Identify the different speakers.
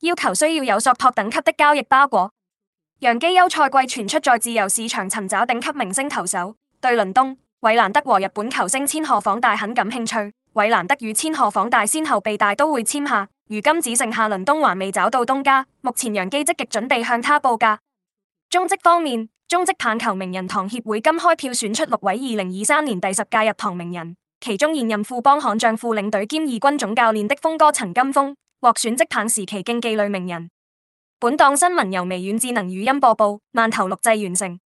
Speaker 1: 要求需要有索托等級的交易包裹，洋基休賽季傳出在自由市場尋找頂級明星投手，對倫東、韋蘭德和日本球星千賀晃大很感興趣。韋蘭德與千賀晃大先後被大都會簽下，如今只剩下倫東還未找到東家。目前洋基積極準備向他報價。中職方面，中職棒球名人堂協會今開票選出六位二零二三年第十屆入堂名人，其中現任富邦悍將副領隊兼二軍總教練的鋒哥陳金鋒獲選職棒時期競技類名人，本檔新聞由微軟智能語音播報，慢頭錄製完成。